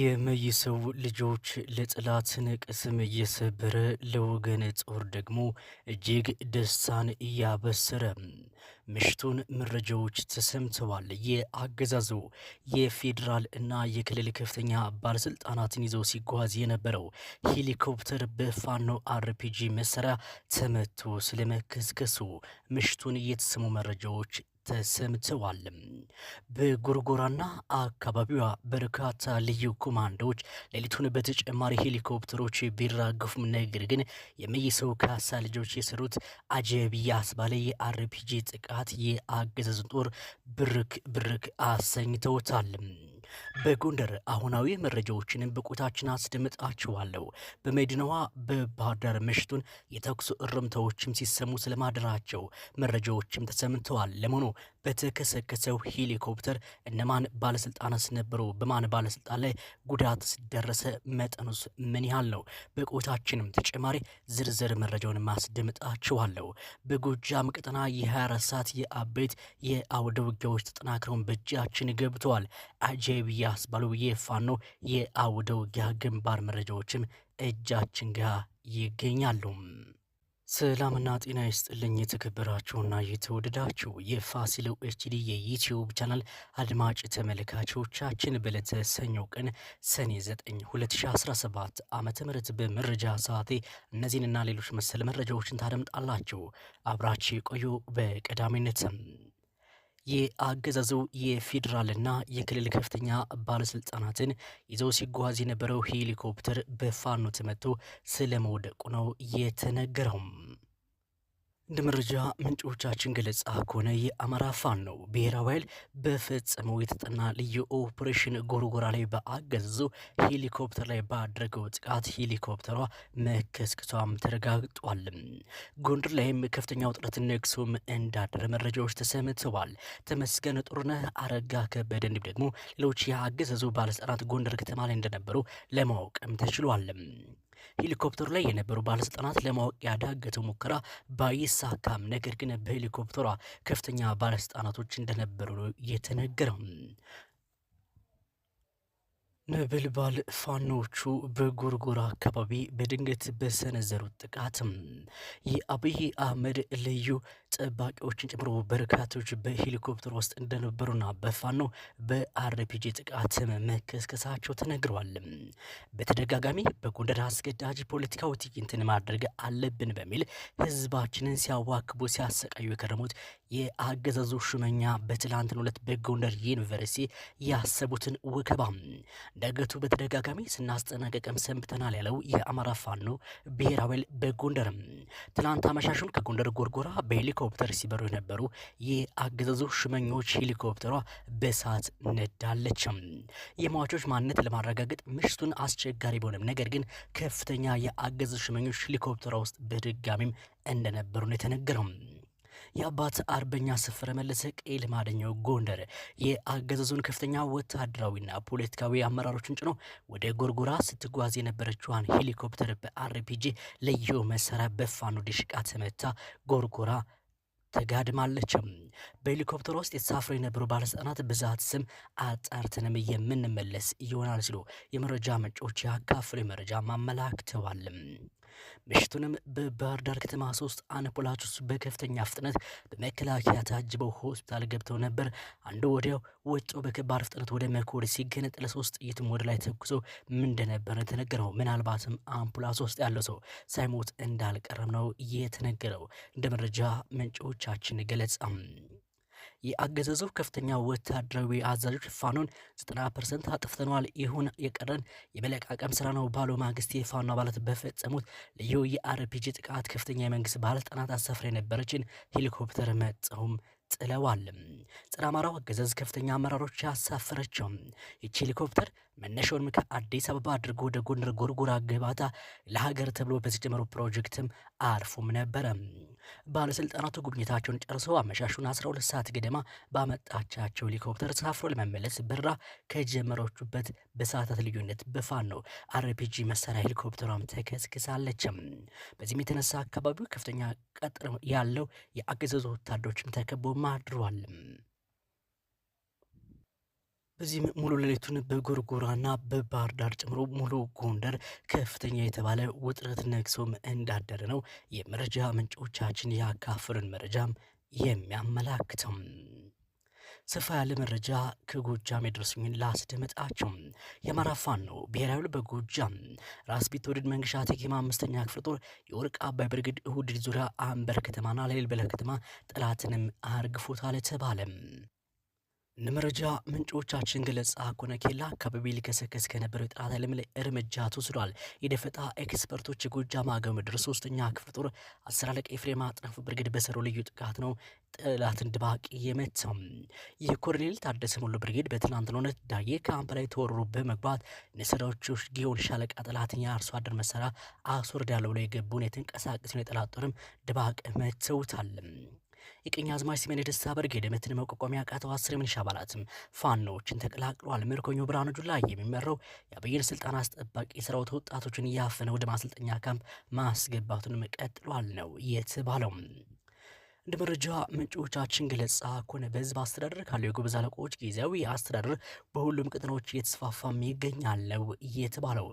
የመይሰው ልጆች ለጠላትን ቅስም እየሰበረ ለወገን ጦር ደግሞ እጅግ ደስታን እያበሰረ ምሽቱን መረጃዎች ተሰምተዋል። የአገዛዙ የፌዴራል እና የክልል ከፍተኛ ባለስልጣናትን ይዘው ሲጓዝ የነበረው ሄሊኮፕተር በፋኖ አርፒጂ መሳሪያ ተመቶ ስለመከስከሱ ምሽቱን የተሰሙ መረጃዎች ተሰምተዋል። በጎርጎራና አካባቢዋ በርካታ ልዩ ኮማንዶዎች ሌሊቱን በተጨማሪ ሄሊኮፕተሮች ቢራገፉም ነገር ግን የመይሰው ካሳ ልጆች የሰሩት አጀብ ያስባለ የአርፒጂ ጥቃት የአገዛዙን ጦር ብርክ ብርክ አሰኝተውታል። በጎንደር አሁናዊ መረጃዎችንም በቆይታችን አስደምጣችኋለሁ። በመዲናዋ በባህር ዳር ምሽቱን የተኩስ እርምታዎችም ሲሰሙ ስለማደራቸው መረጃዎችም ተሰምተዋል። ለመሆኑ በተከሰከሰው ሄሊኮፕተር እነማን ባለስልጣናት ነበሩ? በማን ባለስልጣን ላይ ጉዳት ደረሰ? መጠኑስ ምን ያህል ነው? በቆይታችንም ተጨማሪ ዝርዝር መረጃውን ማስደምጣችኋለሁ። በጎጃም ቀጠና የ24 ሰዓት የአበይት የአውደ ውጊያዎች ተጠናክረውን በእጃችን ገብተዋል። አጄ ብዬ አስባሉ የፋኖ የአውደ ውጊያ ግንባር መረጃዎችም እጃችን ጋር ይገኛሉ። ሰላምና ጤና ይስጥልኝ የተከበራችሁና የተወደዳችሁ የፋሲሎ ኤችዲ የዩትዩብ ቻናል አድማጭ ተመልካቾቻችን በዕለተ ሰኞ ቀን ሰኔ 9 2017 ዓ ም በመረጃ ሰዓቴ እነዚህንና ሌሎች መሰል መረጃዎችን ታደምጣላችሁ። አብራች ቆዩ። በቀዳሚነት የአገዛዙ የፌዴራልና የክልል ከፍተኛ ባለስልጣናትን ይዘው ሲጓዝ የነበረው ሄሊኮፕተር በፋኖ ተመቶ ስለመውደቁ ነው የተነገረው። እንደ መረጃ ምንጮቻችን ገለጻ ከሆነ የአማራ ፋኖ ነው ብሔራዊ ኃይል በፈጸመው የተጠና ልዩ ኦፕሬሽን ጎርጎራ ላይ በአገዛዙ ሄሊኮፕተር ላይ ባደረገው ጥቃት ሄሊኮፕተሯ መከስከሷም ተረጋግጧል። ጎንደር ላይም ከፍተኛ ውጥረት ነግሶም እንዳደረ መረጃዎች ተሰምተዋል። ተመስገን ጥሩነህ፣ አረጋ ከበደ እንዲሁም ደግሞ ሌሎች የአገዛዙ ባለስልጣናት ጎንደር ከተማ ላይ እንደነበሩ ለማወቅም ተችሏል። ሄሊኮፕተሩ ላይ የነበሩ ባለስልጣናት ለማወቅ ያዳገተው ሙከራ ባይሳካም ነገር ግን በሄሊኮፕተሯ ከፍተኛ ባለስልጣናቶች እንደነበሩ የተነገረው ነበልባል ፋኖቹ በጎርጎራ አካባቢ በድንገት በሰነዘሩት ጥቃት የአብይ አህመድ ልዩ ጠባቂዎችን ጨምሮ በርካቶች በሄሊኮፕተር ውስጥ እንደነበሩና በፋኖ በአርፒጂ ጥቃት መከስከሳቸው ተነግሯል። በተደጋጋሚ በጎንደር አስገዳጅ ፖለቲካዊ ትዕይንትን ማድረግ አለብን በሚል ህዝባችንን ሲያዋክቡ ሲያሰቃዩ የከረሙት የአገዛዙ ሹመኛ በትላንትናው ዕለት በጎንደር ዩኒቨርሲቲ ያሰቡትን ወከባ ዳገቱ በተደጋጋሚ ስናስጠነቀቅም ሰንብተናል ያለው የአማራ ፋኖ ብሔራዊ ኃይል በጎንደርም ትናንት አመሻሹን ከጎንደር ጎርጎራ በሄሊኮፕተር ሲበሩ የነበሩ የአገዛዙ ሽመኞች ሄሊኮፕተሯ በሰዓት ነዳለችም። የሟቾች ማንነት ለማረጋገጥ ምሽቱን አስቸጋሪ ቢሆንም ነገር ግን ከፍተኛ የአገዛዙ ሽመኞች ሄሊኮፕተሯ ውስጥ በድጋሚም እንደነበሩ ነው የተነገረው። የአባት አርበኛ ስፍረ መለሰ ቄል ማደኛው ጎንደር የአገዛዙን ከፍተኛ ወታደራዊና ፖለቲካዊ አመራሮችን ጭኖ ወደ ጎርጎራ ስትጓዝ የነበረችዋን ሄሊኮፕተር በአርፒጂ ልዩ መሳሪያ በፋኖ ዲሽቃ ተመታ። ጎርጎራ ተጋድማለችም። በሄሊኮፕተር ውስጥ የተሳፍረው የነበሩ ባለስልጣናት ብዛት ስም አጣርተንም የምንመለስ ይሆናል ሲሉ የመረጃ ምንጮች ያካፍሉ የመረጃ ማመላክተዋልም። ምሽቱንም በባህር ዳር ከተማ ሶስት አምቡላንሶች በከፍተኛ ፍጥነት በመከላከያ ታጅበው ሆስፒታል ገብተው ነበር። አንዱ ወዲያው ወጦ በከባድ ፍጥነት ወደ መኮድ ሲገነጠለ ሶስት ጥይትም ወደ ላይ ተኩሶ ምን እንደነበረ የተነገረው። ምናልባትም አምፑላስ ውስጥ ያለው ሰው ሳይሞት እንዳልቀረም ነው የተነገረው እንደ መረጃ ምንጮቻችን ገለጻ። የአገዛዙ ከፍተኛ ወታደራዊ አዛዦች ፋኖን 90 ፐርሰንት አጥፍተነዋል፣ ይሁን የቀረን የመለቃቀም ስራ ነው ባሉ ማግስት የፋኖ አባላት በፈጸሙት ልዩ የአርፒጂ ጥቃት ከፍተኛ የመንግስት ባለስልጣናት አሰፍራ የነበረችን ሄሊኮፕተር መጽሁም ጥለዋል። ጸረ አማራው አገዛዝ ከፍተኛ አመራሮች ያሳፈረቸው ይቺ ሄሊኮፕተር መነሻውንም ከአዲስ አበባ አድርጎ ወደ ጎንደር ጎርጎራ ገባታ ለሀገር ተብሎ በተጀመረው ፕሮጀክትም አርፎም ነበረ። ባለስልጣናቱ ጉብኝታቸውን ጨርሰው አመሻሹን 12 ሰዓት ገደማ ባመጣቻቸው ሄሊኮፕተር ተሳፍሮ ለመመለስ በራ ከጀመረችበት በሰዓታት ልዩነት በፋኖ ነው አርፒጂ መሳሪያ ሄሊኮፕተሯም ተከስክሳለችም። በዚህም የተነሳ አካባቢው ከፍተኛ ቀጥር ያለው የአገዛዙ ወታደሮችም ተከቦ ማድሯል። እዚህም ሙሉ ሌሊቱን በጎርጎራና በባህር ዳር ጨምሮ ሙሉ ጎንደር ከፍተኛ የተባለ ውጥረት ነግሶም እንዳደረ ነው የመረጃ ምንጮቻችን ያካፍርን መረጃም የሚያመላክተው። ሰፋ ያለ መረጃ ከጎጃም የደረሱኝን ላስደመጣቸው። የአማራ ፋኖ ነው ብሔራዊ በጎጃም ራስ ቢትወደድ መንግሻ ተገማ አምስተኛ ክፍለ ጦር የወርቅ አባይ ብርግድ እሁድ ዙሪያ አንበር ከተማና በለ ከተማ ጠላትንም አርግፎታል ተባለ። ለመረጃ ምንጮቻችን ገለጻ ከሆነ ኬላ አካባቢ ሊከሰከስ ከነበረው የጠላት ኃይልም ላይ እርምጃ ተወስዷል። የደፈጣ ኤክስፐርቶች የጎጃም አገው ምድር ሶስተኛ ክፍለ ጦር አስር አለቃ ኤፍሬም አጥናፉ ብርጌድ በሰሩ ልዩ ጥቃት ነው ጠላትን ድባቅ የመታው። የኮሎኔል ታደሰ ሞሎ ብርጌድ በትናንትናው ዕለት ዳዬ ካምፕ ላይ ተወርሮ በመግባት ነሰራዎቹ ጊዮን ሻለቃ ጠላትን የአርሶ አደር መሳሪያ አስወርዳለሁ ብለው የገቡን የተንቀሳቀሰውን የጠላት ጦርም ድባቅ መተውታል። የቀኛዝማች ሲመን የደስታ ብርጌድ ምትን መቋቋም ያቃተው አስር የሚሊሻ አባላትም ፋኖዎችን ተቀላቅሏል። ምርኮኞ ብርሃኑ ጁላ የሚመራው የአብይን ስልጣን አስጠባቂ ሰራዊት ወጣቶችን እያፈነ ወደ ማሰልጠኛ ካምፕ ማስገባቱን ቀጥሏል ነው የተባለው። እንደ መረጃ ምንጮቻችን ገለጻ ከሆነ በህዝብ አስተዳደር ካለው የጎበዝ አለቆች ጊዜያዊ አስተዳደር በሁሉም ቀጠናዎች እየተስፋፋም ይገኛል ነው የተባለው።